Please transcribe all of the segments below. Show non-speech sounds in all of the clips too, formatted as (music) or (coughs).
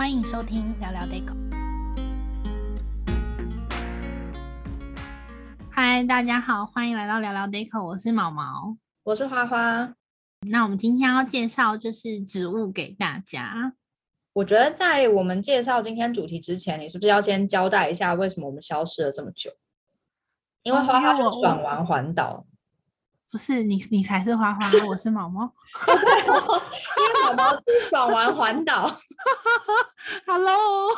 歡迎收聽聊聊 Deco 嗨，Hi, 大家好，歡迎來到聊聊 Deco 我是毛毛，我是花花。那我們今天要介紹就是植物給大家。我覺得在我們介紹今天主題之前，你是不是要先交代一下為什麼我們消失了這麼久？因為花花就轉完環島。哦不是你，你才是花花，我是毛毛。 (laughs) (laughs) (laughs) 因為毛毛是爽玩環島。 (laughs) Hello，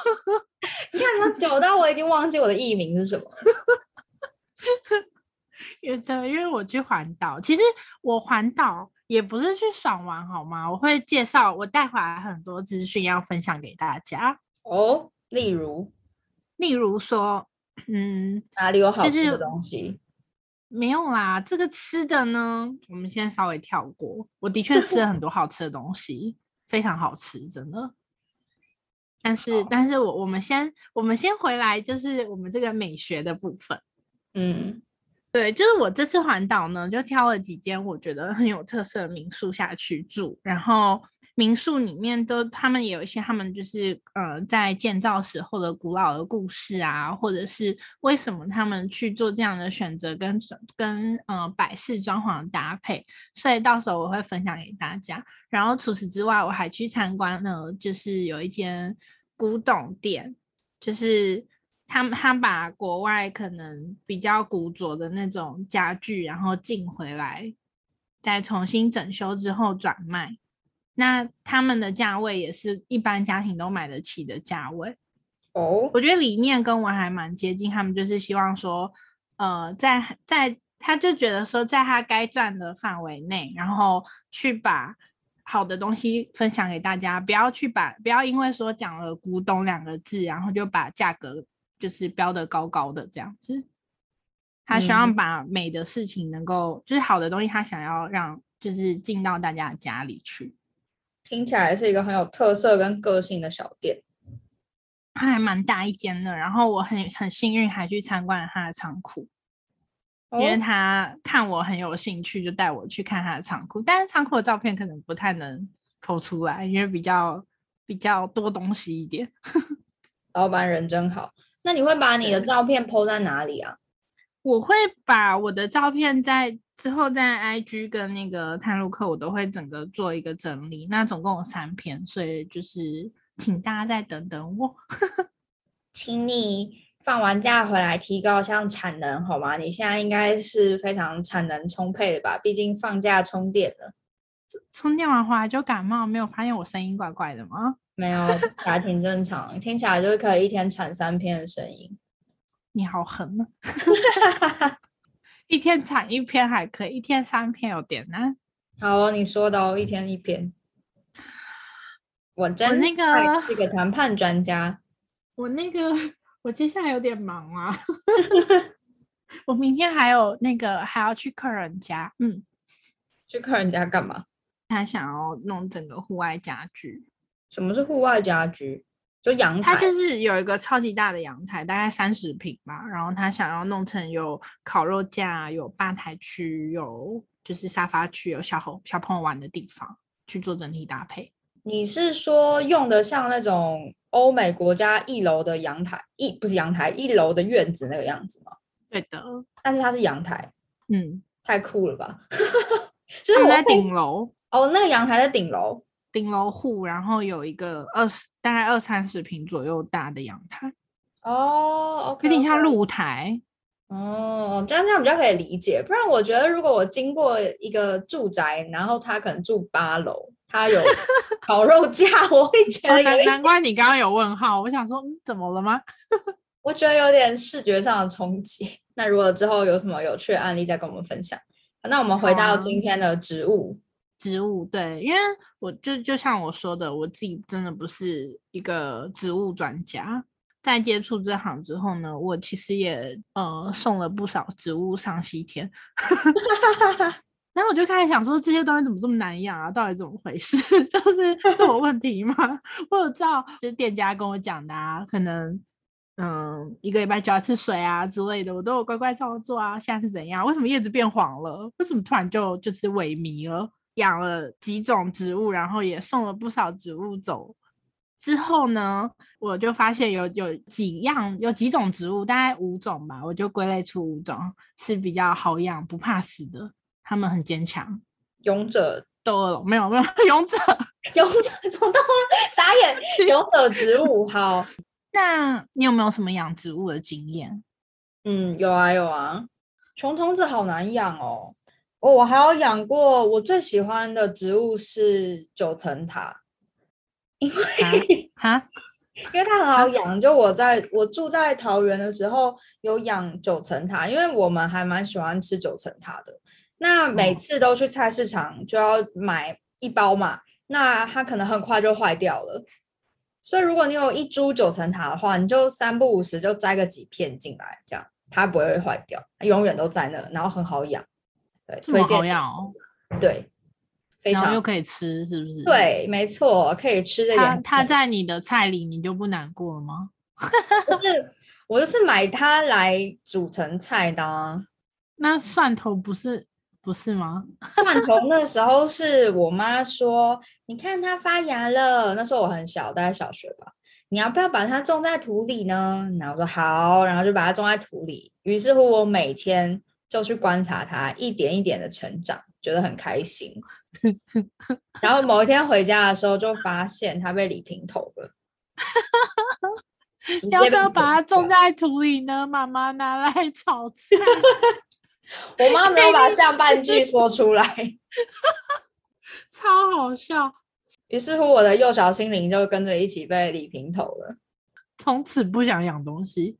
你看，他走到我已經忘記我的藝名是什麼？因為 (laughs) 因為我去環島，其實我環島也不是去爽玩，好嗎？我會介紹，我帶回來很多資訊要分享給大家哦。例如，例如說，嗯，哪裡有好吃的東西？就是沒有啦，這個吃的呢，我們先稍微跳過。我的確吃了很多好吃的東西， (laughs) 非常好吃，真的。但是，好但是我我們先我們先回來，就是我們這個美學的部分。嗯，對，就是我這次環島呢，就挑了幾間我覺得很有特色的民宿下去住，然後。民宿裡面都，他們也有一些，他們就是呃，在建造時候的古老的故事啊，或者是為什麼他們去做這樣的選擇跟，跟跟呃百事裝潢的搭配。所以到時候我會分享給大家。然後除此之外，我還去參觀了，就是有一間古董店，就是他們他把國外可能比較古拙的那種家具，然後進回來，再重新整修之後轉賣。那他們的價位也是一般家庭都買得起的價位哦。Oh. 我覺得理念跟我還蠻接近，他們就是希望說，呃，在在他就覺得說，在他該賺的範圍內，然後去把好的東西分享給大家，不要去把不要因為說講了古董兩個字，然後就把價格就是標得高高的這樣子。他希望把美的事情能夠，mm. 就是好的東西，他想要讓就是進到大家家裡去。聽起來是一個很有特色跟個性的小店，它還蠻大一間的。然後我很很幸運還去參觀了他的倉庫，哦、因為他看我很有興趣，就帶我去看他的倉庫。但是倉庫的照片可能不太能 po 出來，因為比較比較多東西一點。老闆人真好，那你會把你的照片 po 在哪裡啊？我會把我的照片在。之後在 IG 跟那個探路客，我都會整個做一個整理。那總共有三篇，所以就是請大家再等等我。請你放完假回來提高一下產能，好嗎？你現在應該是非常產能充沛的吧？畢竟放假充電了，充電完回來就感冒，沒有發現我聲音怪怪的嗎？沒有，還挺正常，聽起來就是可以一天產三篇的聲音。你好狠啊！ (laughs) 一天產一篇還可以，一天三篇有點難。好哦，你說的哦，一天一篇。我真那個是個談判專家。我那個我接下來有點忙啊， (laughs) 我明天還有那個還要去客人家。嗯，去客人家幹嘛？他想要弄整個戶外家居。什麼是戶外家居？就陽台，它就是有一個超級大的陽台，大概三十坪吧。然後他想要弄成有烤肉架、有吧台區、有就是沙發區、有小猴小朋友玩的地方，去做整體搭配。你是說用的像那種歐美國家一樓的陽台，一不是陽台，一樓的院子那個樣子嗎？對的，但是它是陽台。嗯，太酷了吧！哈 (laughs) 哈其實，是在頂樓哦，那個陽台在頂樓。頂樓戶，然後有一個二十，大概二三十坪左右大的陽台，哦，有點像露台，哦，oh, 這樣這樣比較可以理解。不然我覺得，如果我經過一個住宅，然後他可能住八樓，他有烤肉架， (laughs) 我會覺得、 (laughs) 哦、難，難怪你剛剛有問號，我想說，怎麼了嗎？ (laughs) 我覺得有點視覺上的衝擊。那如果之後有什麼有趣的案例，再跟我們分享。那我們回到今天的植物。Oh. 植物對，因為我就就像我說的，我自己真的不是一個植物專家。在接觸這行之後呢，我其實也呃送了不少植物上西天， (laughs) (laughs) (laughs) 然後我就開始想說，這些東西怎麼這麼難養啊？到底怎麼回事？就是是我問題嗎？ (laughs) 我有照，就是店家跟我講的，啊，可能嗯、呃、一個禮拜澆一次水啊之類的，我都有乖乖照做啊。現在是怎樣？為什麼葉子變黃了？為什麼突然就就是萎靡了？養了幾種植物，然後也送了不少植物走。之後呢，我就發現有有幾樣，有幾種植物，大概五種吧，我就歸類出五種是比較好養、不怕死的，它們很堅強。勇者鬥惡龍沒有沒有，勇者，勇者做到傻眼。勇者植物好。 (laughs) 那你有沒有什麼養植物的經驗？嗯，有啊有啊，熊童子好難養哦。我、哦、我還有養過，我最喜歡的植物是九層塔，因為因為它很好養。就我在我住在桃園的時候，有養九層塔，因為我們還蠻喜歡吃九層塔的。那每次都去菜市場就要買一包嘛，那它可能很快就壞掉了。所以如果你有一株九層塔的話，你就三不五時就摘個幾片進來，這樣它不會壞掉，它永遠都在那，然後很好養。對這麼好養，對，然後又可以吃，是不是？對，沒錯，可以吃這點。它它在你的菜裡，你就不難過了嗎？ (laughs) 不是，我就是買它來煮成菜的啊。那蒜頭不是不是嗎？ (laughs) 蒜頭那時候是我媽說，你看它發芽了，那時候我很小，大概小學吧。你要不要把它種在土裡呢？然後我說好，然後就把它種在土裡。於是乎，我每天。就去觀察它一點一點的成長，覺得很開心。 (laughs) 然後某一天回家的時候，就發現它被理平頭了。要不要把它種在土裡呢？ (laughs) 媽媽拿來炒菜。 (laughs) 我媽沒有把上半句說出來， (laughs) 超好笑。於是乎，我的幼小心靈就跟着一起被理平頭了，從此不想養東西，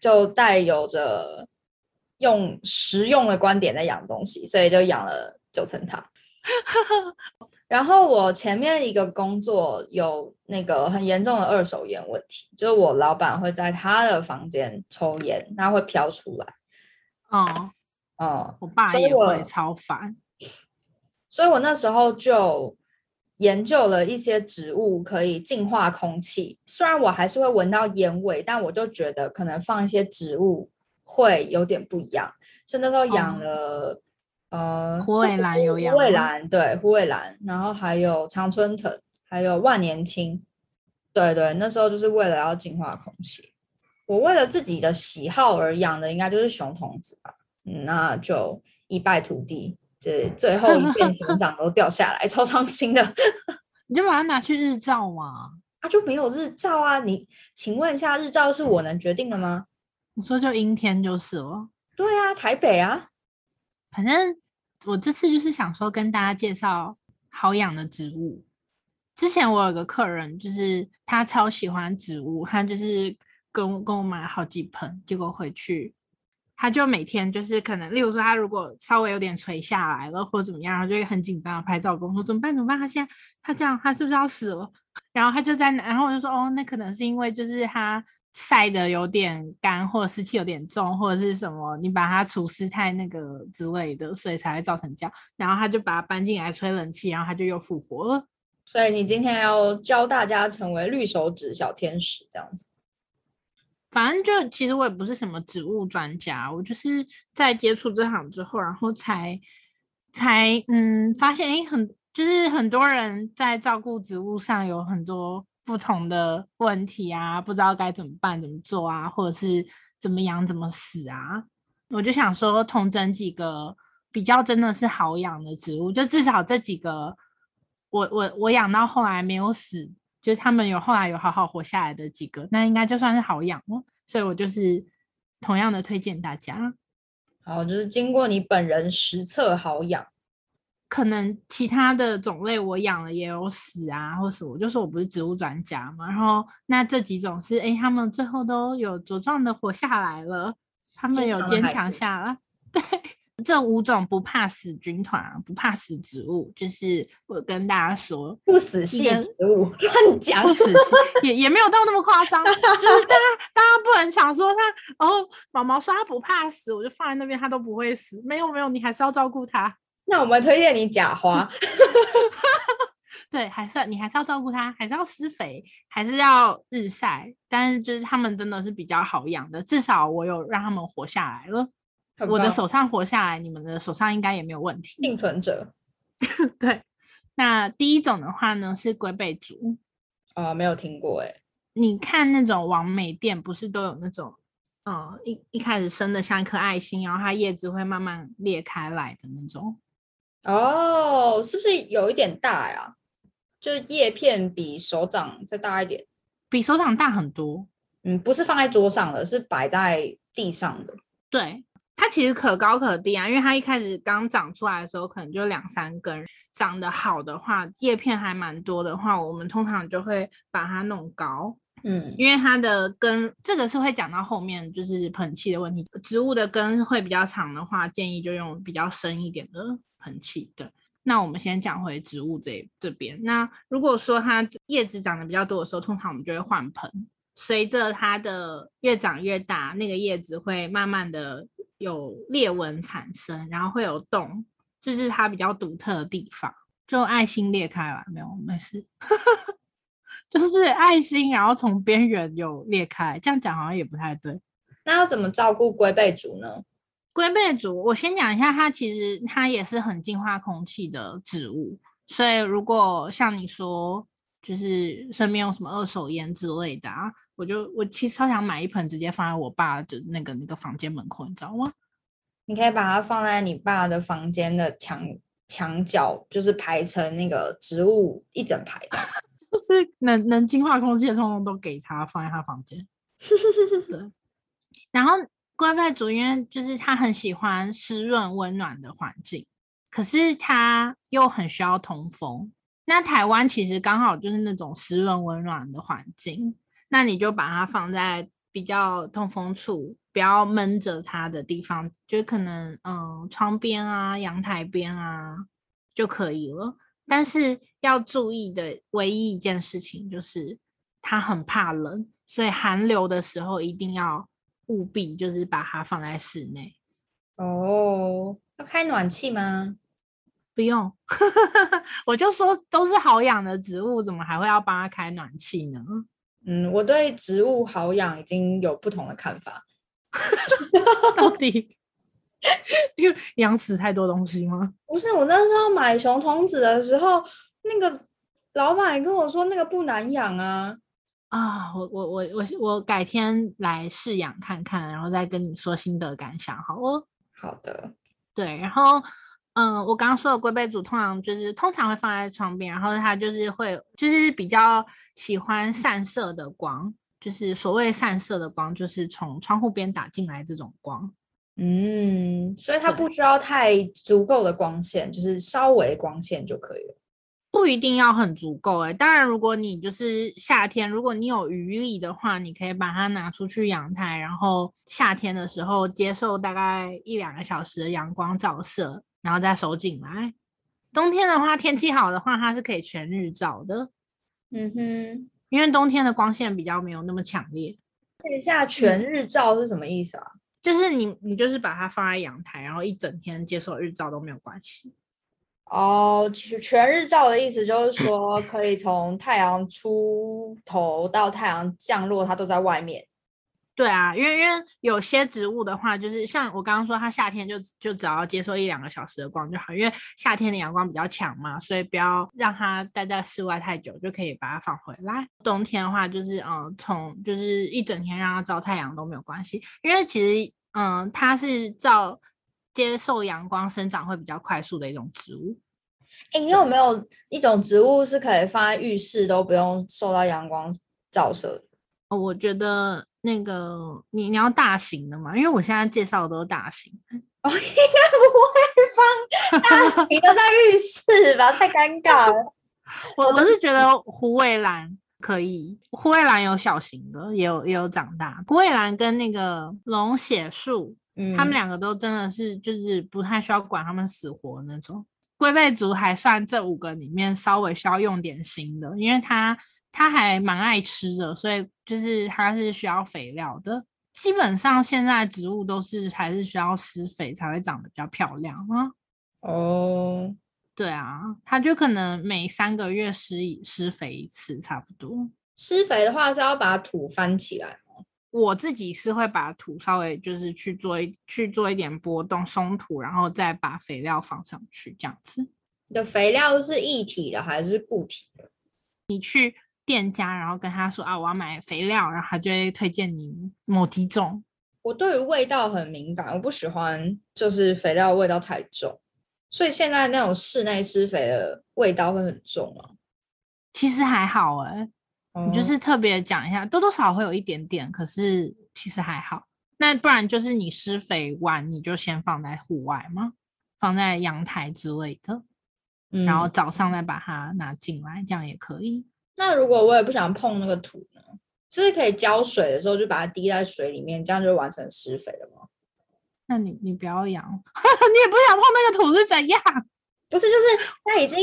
就帶有着。用實用的觀點在養東西，所以就養了九層塔。 (laughs) 然後我前面一個工作有那個很嚴重的二手煙問題，就是我老闆會在他的房間抽煙，他會飄出來。哦，哦、嗯，我爸也會超煩，所以我那時候就研究了一些植物可以淨化空氣。雖然我還是會聞到煙味，但我就覺得可能放一些植物，會有點不一樣，像那時候養了、哦、呃虎尾蘭，有養虎尾蘭，對虎尾蘭，然後還有常春藤，還有萬年青，對對，那時候就是為了要淨化空氣。我為了自己的喜好而養的，應該就是熊童子吧？那就一敗塗地，這最後一片熊掌都掉下來， (laughs) 超傷心的。 (laughs) 你就把它拿去日照嘛，啊，就沒有日照啊？你請問一下，日照是我能決定的嗎？你說就陰天就是了。對啊，台北啊，反正我這次就是想說跟大家介紹好養的植物。之前我有個客人，就是他超喜歡植物，他就是跟跟我買好幾盆，結果回去他就每天就是可能，例如說他如果稍微有點垂下來了或者怎麼樣，他就會很緊張的拍照跟我說怎麼辦怎麼辦？他現在他這樣他是不是要死了？然後他就在那，然後我就說哦，那可能是因為就是他。曬得有點乾，或者濕氣有點重，或者是什麼，你把它除濕太那個之類的，所以才會造成這樣。然後他就把它搬進來吹冷氣，然後它就又復活了。所以你今天要教大家成為綠手指小天使這樣子。反正就其實我也不是什麼植物專家，我就是在接觸這行之後，然後才才嗯發現，哎，很就是很多人在照顧植物上有很多。不同的問題啊，不知道該怎麼辦、怎麼做啊，或者是怎麼養、怎麼死啊，我就想說，統整幾個比較真的是好養的植物，就至少這幾個我，我我我養到後來沒有死，就是他們有後來有好好活下來的幾個，那應該就算是好養哦。所以我就是同樣的推薦大家，好，就是經過你本人實測好養。可能其他的種類我養了也有死啊，或什麼，就是我不是植物專家嘛。然後那這幾種是，哎、欸，他們最後都有茁壯的活下來了，他們有堅強下來。對，這五種不怕死軍團、啊，不怕死植物，就是我跟大家說不死系植物，不死心也也沒有到那麼誇張， (laughs) 就是大家大家不能想說他後、哦、毛毛說他不怕死，我就放在那邊，他都不會死。沒有沒有，你還是要照顧他。那我們推薦你假花， (laughs) (laughs) 對，還是你還是要照顧它，還是要施肥，還是要日曬，但是就是它們真的是比較好養的，至少我有讓它們活下來了，棒我的手上活下來，你們的手上應該也沒有問題，倖存者。 (laughs) 對，那第一種的話呢是龜背竹，啊、哦，沒有聽過哎、欸，你看那種網美店不是都有那種，嗯，一一開始生的像一顆愛心，然後它葉子會慢慢裂開來的那種。哦，是不是有一點大呀？就是葉片比手掌再大一點，比手掌大很多。嗯，不是放在桌上的，是擺在地上的。對，它其實可高可低啊，因為它一開始剛長出來的時候，可能就兩三根，長得好的話，葉片還蠻多的話，我們通常就會把它弄高。嗯，因為它的根，這個是會講到後面，就是盆器的問題。植物的根會比較長的話，建議就用比較深一點的。盆器對，那我們先講回植物這這邊。那如果說它葉子長得比較多的時候，通常我們就會換盆。隨着它的越長越大，那個葉子會慢慢的有裂紋產生，然後會有洞，這、就是它比較獨特的地方。就愛心裂開了，沒有沒事， (laughs) 就是愛心，然後從邊緣有裂開。這樣講好像也不太對。那要怎麼照顧龜背竹呢？龜背竹，我先講一下，它其實它也是很淨化空氣的植物。所以如果像你說，就是身邊有什麼二手菸之類的啊，我就我其實超想買一盆，直接放在我爸的那個那個房間門口，你知道嗎？你可以把它放在你爸的房間的牆牆角，就是排成那個植物一整排， (laughs) 就是能能淨化空氣的，通通都給他放在他房間。是 (laughs) 然後。龜背竹，因為就是它很喜歡濕潤溫暖的環境，可是它又很需要通風。那台灣其實剛好就是那種濕潤溫暖的環境，那你就把它放在比較通風處，不要悶着它的地方，就可能嗯窗邊啊、陽台邊啊就可以了。但是要注意的唯一一件事情就是，它很怕冷，所以寒流的時候一定要。務必就是把它放在室內哦，要開暖氣嗎？不用， (laughs) 我就說都是好養的植物，怎麼還會要幫它開暖氣呢？嗯，我對植物好養已經有不同的看法， (laughs) 到底 (laughs) 因為養死太多東西嗎？不是，我那時候買熊童子的時候，那個老闆跟我說那個不難養啊。啊、哦，我我我我我改天來試養看看，然後再跟你說心得感想，好哦。好的，對，然後嗯，我剛剛說的龜背竹，通常就是通常會放在窗邊，然後它就是會就是比較喜歡散射的光，就是所謂散射的光，就是從窗戶邊打進來這種光。嗯，所以它不需要太足夠的光線，對就是稍微光線就可以了。不一定要很足夠誒、欸。當然，如果你就是夏天，如果你有餘力的話，你可以把它拿出去陽臺，然後夏天的時候接受大概一兩個小時的陽光照射，然後再收進來。冬天的話，天氣好的話，它是可以全日照的。嗯哼，因為冬天的光線比較沒有那麼強烈。等一下，全日照是什麼意思啊？就是你，你就是把它放在陽台，然後一整天接受日照都沒有關係。哦，其實、oh, 全日照的意思就是說，可以從太陽出頭到太陽降落，它都在外面。對啊，因為因為有些植物的話，就是像我剛剛說，它夏天就就只要接受一兩個小時的光就好，因為夏天的陽光比較強嘛，所以不要讓它待在室外太久，就可以把它放回來。冬天的話，就是嗯，從就是一整天讓它照太陽都沒有關係，因為其實嗯，它是照。接受陽光生長會比較快速的一種植物。哎、欸，你有沒有一種植物是可以放在浴室都不用受到陽光照射的？哦，我覺得那個你你要大型的嘛，因為我現在介紹的都是大型。哦，應該不會放大型的在浴室吧？ (laughs) 太尷尬了。我我是覺得虎尾蘭可以，虎尾蘭有小型的，也有也有長大。虎尾蘭跟那個龍血樹。嗯，他們兩個都真的是就是不太需要管他們死活那種。龜背竹還算這五個裡面稍微需要用點心的，因為它它還蠻愛吃的，所以就是它是需要肥料的。基本上現在的植物都是還是需要施肥才會長得比較漂亮啊。哦，對啊，它就可能每三個月施一施肥一次差不多。施肥的話是要把土翻起來。我自己是會把土稍微就是去做一去做一點波動鬆土，然後再把肥料放上去這樣子。你的肥料是液體的還是固體的？你去店家，然後跟他說啊，我要買肥料，然後他就會推薦你某幾種。我對於味道很敏感，我不喜歡就是肥料味道太重，所以現在那種室內施肥的味道會很重嗎？其實還好哎。嗯、你就是特別講一下，多多少少會有一點點，可是其實還好。那不然就是你施肥完，你就先放在戶外嘛，放在陽台之類的，嗯、然後早上再把它拿進來，這樣也可以。那如果我也不想碰那個土呢？就是可以澆水的時候就把它滴在水裡面，這樣就完成施肥了嗎？那你你不要養， (laughs) 你也不想碰那個土是怎樣？不是，就是它已經。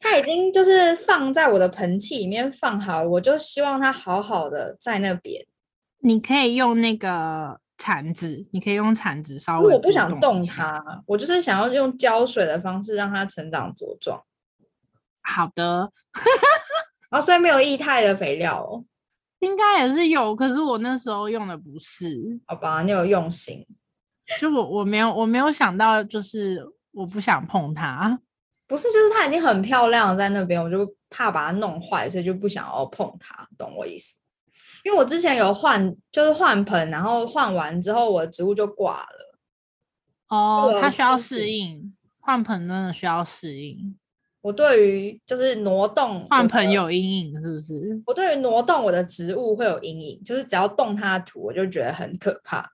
它已經就是放在我的盆器裡面放好了，我就希望它好好的在那邊。你可以用那個鏟子，你可以用鏟子稍微。因為我不想動它，我就是想要用澆水的方式讓它成長茁壯。好的，啊、 (laughs) 哦，雖然沒有液態的肥料哦，應該也是有，可是我那時候用的不是。好吧，你有用心。就我我沒有我沒有想到，就是我不想碰它。不是，就是它已經很漂亮，在那邊，我就怕把它弄壞，所以就不想要碰它，懂我意思？因為我之前有換，就是換盆，然後換完之後，我的植物就掛了。哦，它需要適應換盆，真的需要適應。我對於就是挪動換盆有陰影，是不是？我對於挪動我的植物會有陰影，就是只要動它的土，我就覺得很可怕。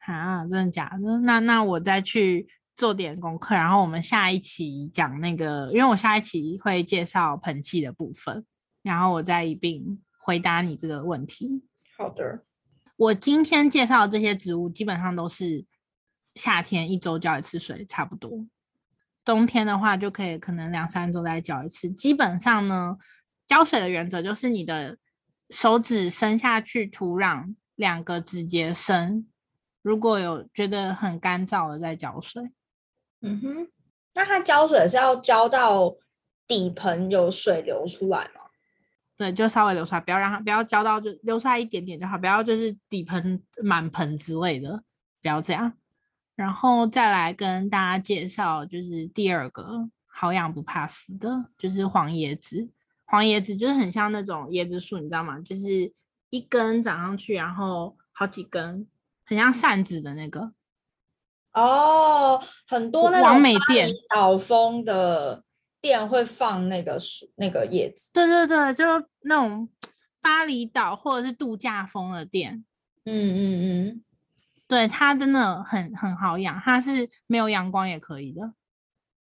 啊，真的假的？那那我再去。做點功課，然後我們下一期講那個，因為我下一期會介紹盆器的部分，然後我再一併回答你這個問題。好的，我今天介紹的這些植物基本上都是夏天一周澆一次水，差不多。冬天的話就可以可能兩三周再澆一次。基本上呢，澆水的原則就是你的手指伸下去土壤兩個指節深，如果有覺得很乾燥了再澆水。嗯哼，那它澆水是要澆到底盆有水流出來嗎？對，就稍微流出來，不要讓它，不要澆到就流出來一點點就好，不要就是底盆滿盆之類的，不要這樣。然後再來跟大家介紹，就是第二個好養不怕死的，就是黃椰子。黃椰子就是很像那種椰子樹，你知道嗎？就是一根長上去，然後好幾根，很像扇子的那個。哦，oh, 很多那種的店美店，巴厘島風的店會放那個樹、那個葉子。對對對，就是那種巴厘島或者是度假風的店。嗯嗯嗯，嗯嗯，對它真的很很好養，它是沒有陽光也可以的。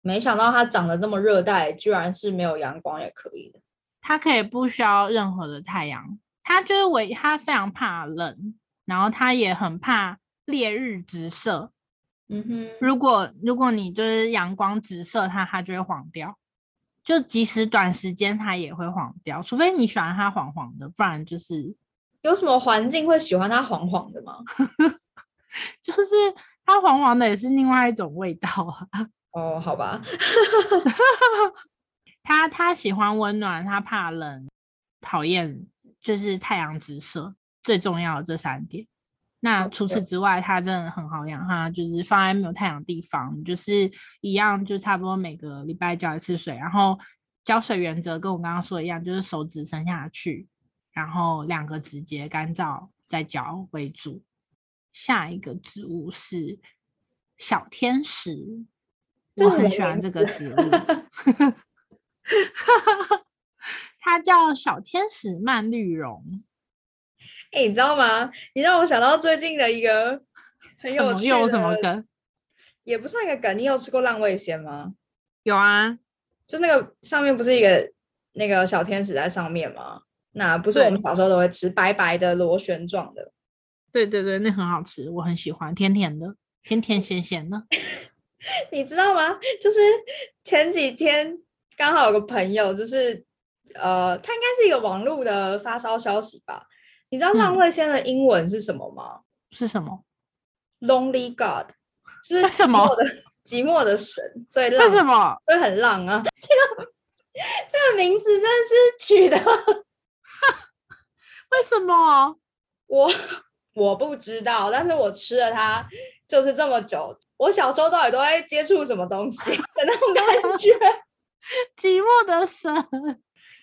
沒想到它長得那麼熱帶，居然是沒有陽光也可以的。它可以不需要任何的太陽，它就是為，它非常怕冷，然後它也很怕烈日直射。嗯哼，如果如果你就是陽光直射它，它就會黃掉，就即使短時間它也會黃掉，除非你喜歡它黃黃的，不然就是有什麼環境會喜歡它黃黃的嗎？ (laughs) 就是它黃黃的也是另外一種味道啊。哦，好吧，他 (laughs) 他 (laughs) 喜歡溫暖，他怕冷，討厭就是太陽直射，最重要的這三點。那除此之外，它真的很好養哈，就是放在沒有太陽地方，就是一樣，就差不多每個禮拜澆一次水，然後澆水原則跟我剛剛說的一樣，就是手指伸下去，然後兩個指節乾燥再澆為主。下一個植物是小天使，我很喜歡這個植物，它 (laughs) (laughs) 叫小天使蔓綠絨。欸、你知道嗎？你讓我想到最近的一個很有什麼梗，麼，也不算一個梗。你有吃過浪味仙嗎？有啊，就那個上面不是一個那個小天使在上面嗎？那不是我們小時候都會吃白白的螺旋狀的。對對對，那很好吃，我很喜歡，甜甜的，甜甜鹹鹹的。 (laughs) 你知道嗎？就是前幾天剛好有個朋友，就是呃，他應該是一個網絡的發燒消息吧。你知道浪味仙的英文是什麼嗎？嗯，是什麼？Lonely God，是寂寞的什麼，寂寞的神，所以為什麼？所以很浪啊？這個這個名字真是取的，為什麼？我我不知道，但是我吃了它就是這麼久。我小時候到底都在接觸什麼東西？那種感覺。 (laughs) 寂寞的神？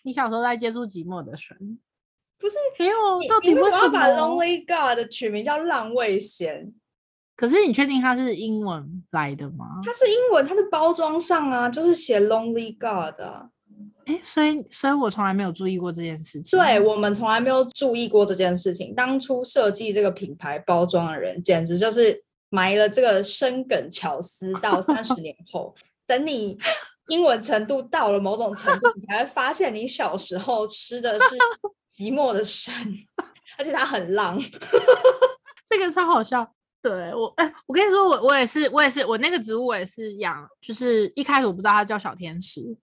你小時候都在接觸寂寞的神？不是給我。到底為什麼我要把 Lonely God 取名叫浪味仙？可是你確定它是英文來的嗎？它是英文，它是包裝上啊，就是寫 Lonely God 哎、啊欸，所以所以，我從來沒有注意過這件事情。對，我們從來沒有注意過這件事情。當初設計這個品牌包裝的人，簡直就是埋了這個深梗巧思到三十年後， (laughs) 等你英文程度到了某種程度， (laughs) 你才會發現你小時候吃的是。寂寞的神，而且他很浪， (laughs) 這個超好笑。對我，哎、欸，我跟你說我，我我也是，我也是，我那個植物我也是養，就是一開始我不知道它叫小天使，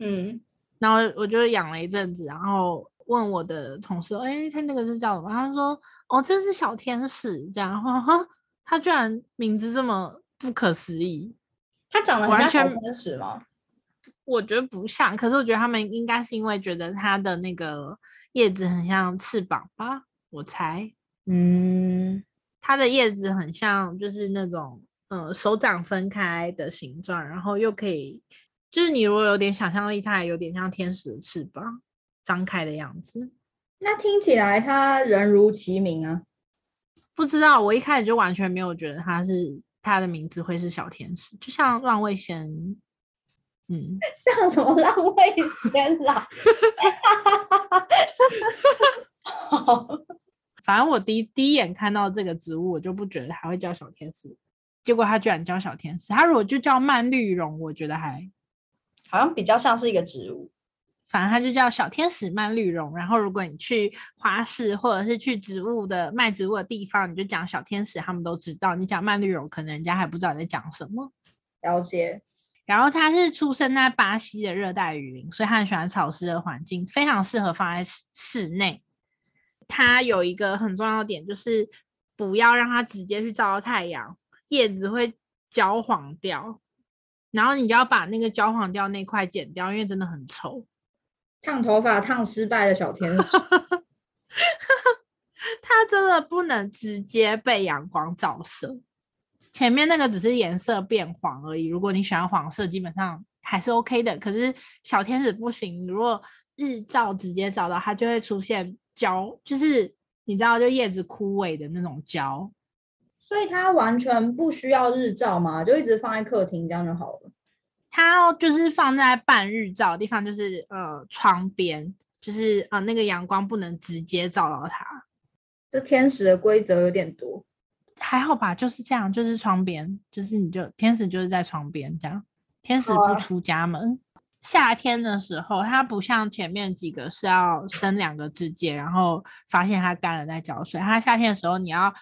嗯，然後我就養了一陣子，然後問我的同事，哎、欸，它那個是叫什麼？他說，哦，這是小天使，這樣，哈，他居然名字這麼不可思議，他長得完全小天使嗎？我覺得不像，可是我覺得他們應該是因為覺得它的那個葉子很像翅膀吧？我猜，嗯，它的葉子很像，就是那種嗯、呃、手掌分開的形狀，然後又可以，就是你如果有點想象力，它還有點像天使的翅膀張開的樣子。那聽起來它人如其名啊？不知道，我一開始就完全沒有覺得它是它的名字會是小天使，就像浪味仙。嗯，像什麼浪味仙啦，反正我第一第一眼看到這個植物，我就不覺得還會叫小天使。結果它居然叫小天使。它如果就叫蔓綠絨，我覺得還好像比較像是一個植物。反正它就叫小天使蔓綠絨。然後如果你去花市或者是去植物的賣植物的地方，你就講小天使，他們都知道。你講蔓綠絨，可能人家還不知道你在講什麼。了解。然後它是出生在巴西的熱帶雨林，所以它很喜歡潮濕的環境，非常適合放在室室內。它有一個很重要的點，就是不要讓它直接去照到太陽，葉子會焦黃掉。然後你就要把那個焦黃掉那塊剪掉，因為真的很醜。燙頭髮燙失敗的小天使。它 (laughs) 真的不能直接被陽光照射。前面那個只是顏色變黃而已，如果你喜歡黃色，基本上還是 OK 的。可是小天使不行，如果日照直接照到它，就會出現焦，就是你知道，就葉子枯萎的那種焦。所以它完全不需要日照嗎？就一直放在客廳這樣就好了？它就是放在半日照的地方，就是呃窗邊，就是啊、呃、那個陽光不能直接照到它。這天使的規則有點多。還好吧，就是這樣，就是窗邊，就是你就天使就是在窗邊這樣，天使不出家門。Oh. 夏天的時候，它不像前面幾個是要伸兩個指節，然後發現它乾了再澆水。它夏天的時候，你要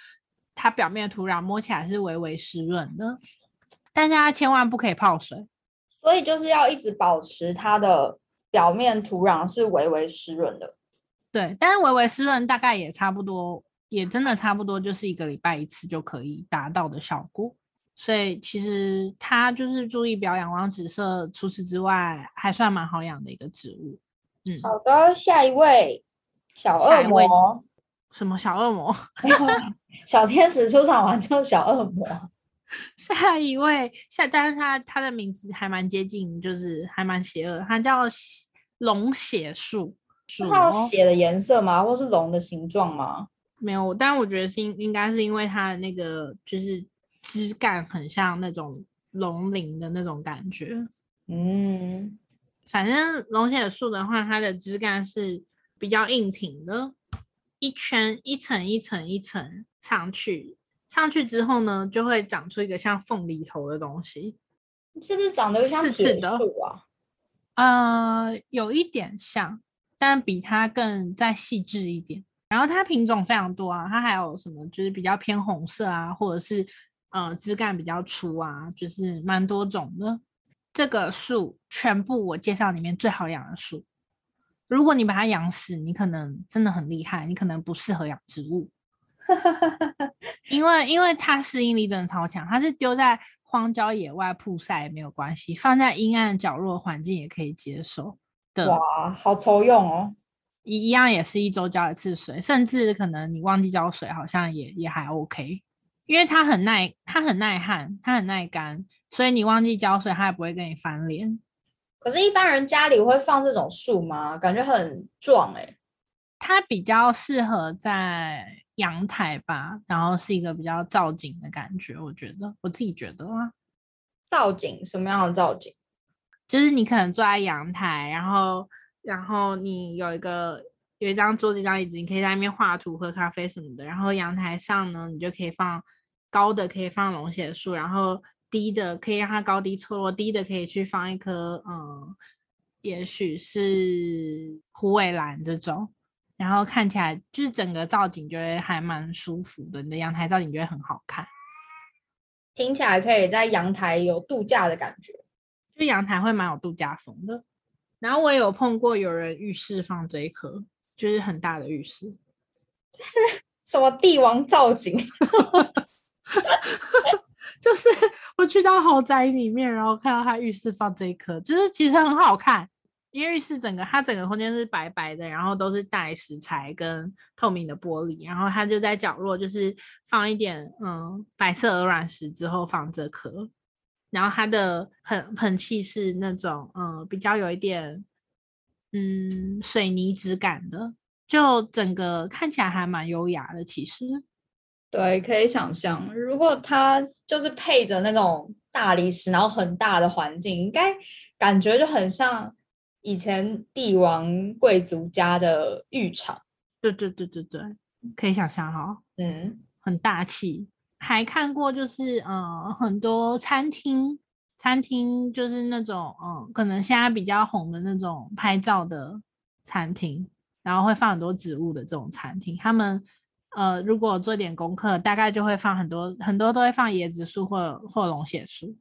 它表面的土壤摸起來是微微濕潤的，但是它千萬不可以泡水，所以就是要一直保持它的表面土壤是微微濕潤的。對，但是微微濕潤大概也差不多。也真的差不多，就是一個禮拜一次就可以達到的效果。所以其實它就是注意表養，黃紫色。除此之外，還算蠻好養的一個植物。嗯，好的，下一位小惡魔，什麼小惡魔？哎，小天使出場完之後，小惡魔。 (laughs) 下一位，下，但是他，他的名字還蠻接近，就是還蠻邪惡，他叫龍血樹。是他血的顏色嗎？或是龍的形狀嗎？沒有，但我覺得是應應該是因為它的那個就是枝幹很像那種龍鱗的那種感覺。嗯，反正龍血樹的話，它的枝幹是比較硬挺的，一圈一層一層一層、一層上去，上去之後呢，就會長出一個像鳳梨頭的東西。是不是長得像刺刺的啊？呃，有一點像，但比它更再細緻一點。然後它品種非常多啊，它還有什麼就是比較偏紅色啊，或者是呃枝幹比較粗啊，就是蠻多種的。這個樹全部我介紹裡面最好養的樹，如果你把它養死，你可能真的很厲害，你可能不適合養植物。哈哈哈！因為因為它適應力真的超強，它是丟在荒郊野外曝曬也沒有關係，放在陰暗角落環境也可以接受的。哇，好抽用哦。一一樣也是一周澆一次水，甚至可能你忘記澆水，好像也也還 OK，因為它很耐它很耐旱，它很耐乾，所以你忘記澆水，它也不會跟你翻臉。可是，一般人家裡會放這種樹嗎？感覺很壯哎、欸。它比較適合在陽台吧，然後是一個比較造景的感覺。我覺得，我自己覺得啊，造景，什麼樣的造景？就是你可能坐在陽台，然後。然後你有一個有一張桌子，一張椅子，你可以在那邊畫圖、喝咖啡什麼的。然後陽台上呢，你就可以放高的，可以放龍血樹；然後低的，可以讓它高低錯落。低的可以去放一棵，嗯，也許是虎尾蘭這種。然後看起來就是整個造景，就會還蠻舒服的。你的陽台造景就會很好看，聽起來可以在陽台有度假的感覺，就陽台會蠻有度假風的。然後我也有碰過有人浴室放這一顆，就是很大的浴室，這是什麼帝王造景？ (laughs) 就是我去到豪宅裡面，然後看到他浴室放這一顆，就是其實很好看，因為浴室整個它整個空間是白白的，然後都是帶石材跟透明的玻璃，然後它就在角落就是放一點嗯白色鵝卵石之後放這顆。然後它的很很氣勢那種，嗯，比較有一點，嗯，水泥質感的，就整個看起來還蠻優雅的其實。對，可以想象，如果它就是配着那種大理石，然後很大的環境，應該感覺就很像以前帝王貴族家的浴場。對對對對對，可以想象哈、哦，嗯，很大氣。還看過就是嗯、呃、很多餐廳，餐廳就是那種嗯、呃、可能現在比較紅的那種拍照的餐廳，然後會放很多植物的這種餐廳，他們呃如果做點功課，大概就會放很多很多都會放椰子樹或或龍血樹，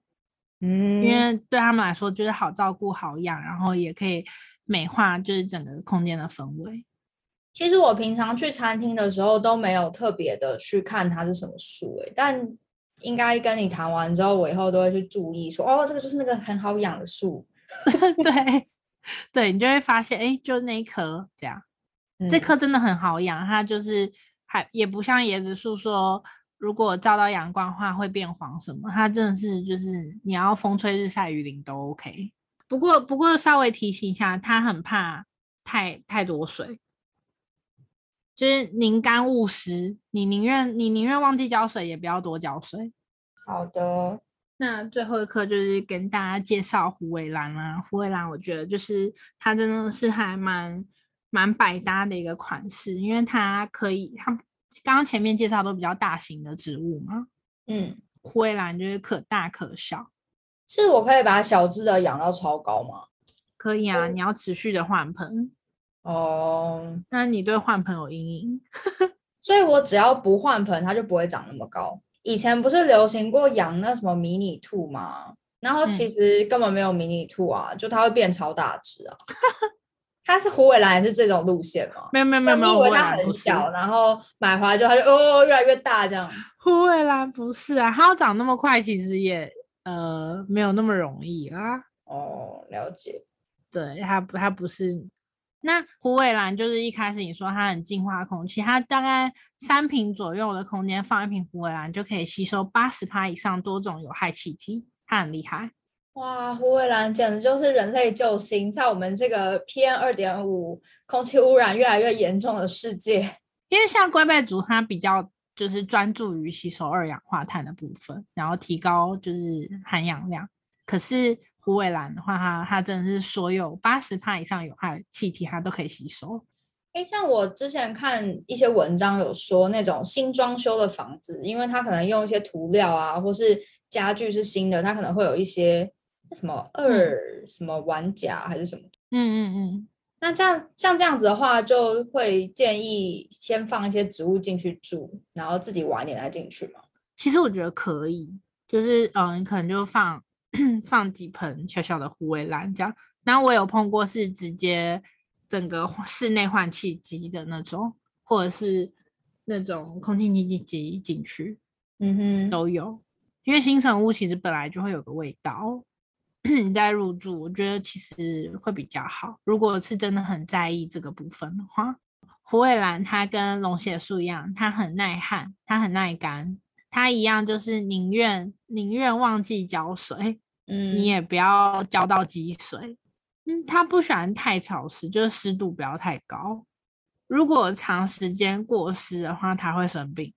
嗯，因為對他們來說就是好照顧好養，然後也可以美化就是整個空間的氛圍。其實我平常去餐廳的時候都沒有特別的去看它是什麼樹誒、欸，但應該跟你談完之後，我以後都會去注意說，哦，這個就是那個很好養的樹， (laughs) 對，對你就會發現，哎，就是那一棵這樣，嗯、這棵真的很好養，它就是還也不像椰子樹說，如果照到陽光的話會變黃什麼，它真的是就是你要風吹日曬雨淋都 OK，不過不過稍微提醒一下，它很怕太太多水。就是寧乾勿濕，你寧願你寧願忘記澆水，也不要多澆水。好的，那最後一顆，就是跟大家介紹虎尾蘭啊，虎尾蘭我覺得就是它真的是還蠻蠻百搭的一個款式，嗯、因為它可以它剛剛前面介紹的都比較大型的植物嘛，嗯，虎尾蘭就是可大可小。是我可以把小隻的養到超高嗎？可以啊，對你要持續的換盆。哦，oh, 那你對換盆有陰影， (laughs) 所以我只要不換盆，它就不會長那麼高。以前不是流行過養那什麼迷你兔嗎？然後其實根本沒有迷你兔啊，嗯、就它會變超大隻啊。 (laughs) 它是虎尾蘭也是這種路線嗎？沒有沒有沒有沒有，你以為它很小，然後買回來就它就哦越來越大這樣。虎尾蘭不是啊，它要長那麼快，其實也呃沒有那麼容易啊。哦，oh, 了解，對它它不是。那虎尾蘭就是一開始你說它很淨化的空氣，它大概三坪左右的空間，放一瓶虎尾蘭就可以吸收八十趴以上多種有害氣體，它很厲害。哇，虎尾蘭簡直就是人類救星，在我們這個 PM 二點五空氣污染越來越嚴重的世界，因為像龜背竹，它比較就是專注於吸收二氧化碳的部分，然後提高就是含氧量，可是。虎尾蘭的話，它它它真的是所有八十趴以上有害氣體，它都可以吸收。哎、欸，像我之前看一些文章有說，那種新裝修的房子，因為它可能用一些塗料啊，或是家具是新的，它可能會有一些什麼二、嗯、什麼玩家還是什麼。嗯嗯嗯。那這樣像這樣子的話，就會建議先放一些植物進去住，然後自己晚點再進去嘛。其實我覺得可以，就是嗯，你可能就放。 (coughs) 放幾盆小小的虎尾蘭，這樣。然後我有碰過是直接整個室內換氣機的那種，或者是那種空氣淨化機進去，嗯哼，都有。因為新成屋其實本來就會有個味道， (coughs) 在入住，我覺得其實會比較好。如果是真的很在意這個部分的話，虎尾蘭它跟龍血樹一樣，它很耐旱，它很耐乾，它一樣就是寧願寧願忘記澆水。嗯，你也不要澆到積水。嗯，它不喜歡太潮濕，就是濕度不要太高。如果長時間過濕的話，它會生病。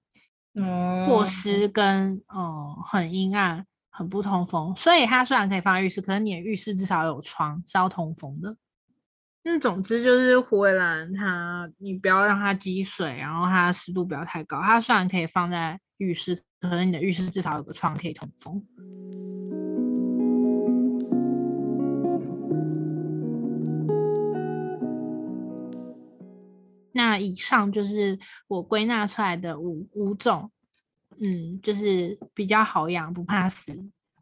哦、嗯，過濕跟嗯很陰暗、很不通風，所以它雖然可以放浴室，可是你的浴室至少有窗是要通風的。總之就是虎尾蘭，它你不要讓它積水，然後它濕度不要太高。它雖然可以放在浴室，可能你的浴室至少有個窗可以通風。嗯。那以上就是我歸納出來的五五種，嗯，就是比較好養、不怕死，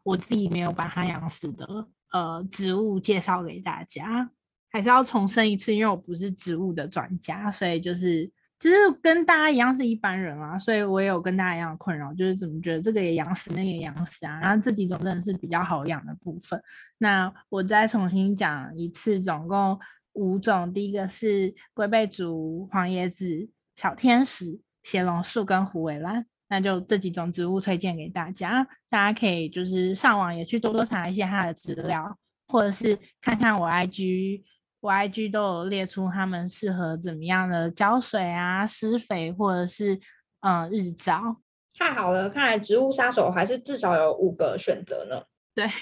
我自己沒有把它養死的呃植物介紹給大家。還是要重申一次，因為我不是植物的專家，所以就是就是跟大家一樣是一般人嘛、啊，所以我也有跟大家一樣的困擾，就是怎麼覺得這個也養死，那個也養死啊。然後這幾種真的是比較好養的部分。那我再重新講一次，總共。五種，第一個是龜背竹、黃椰子、小天使、斜龍樹跟虎尾蘭，那就這幾種植物推薦給大家，大家可以就是上網也去多多查一些它的資料，或者是看看我 IG，我 IG 都有列出它們適合怎麼樣的澆水啊、施肥，或者是嗯日照。太好了，看來植物殺手還是至少有五個選擇呢？對。 (laughs)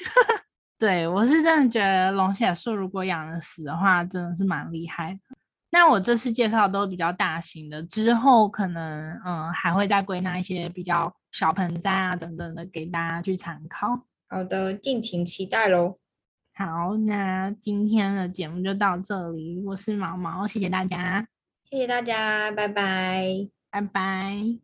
對，我是真的覺得龍血樹如果養得死的話，真的是蠻厲害的。那我這次介紹的都比較大型的，之後可能嗯還會再歸納一些比較小盆栽啊等等的給大家去參考。好的，敬請期待嘍。好，那今天的節目就到這裡，我是毛毛，謝謝大家，謝謝大家，拜拜，拜拜。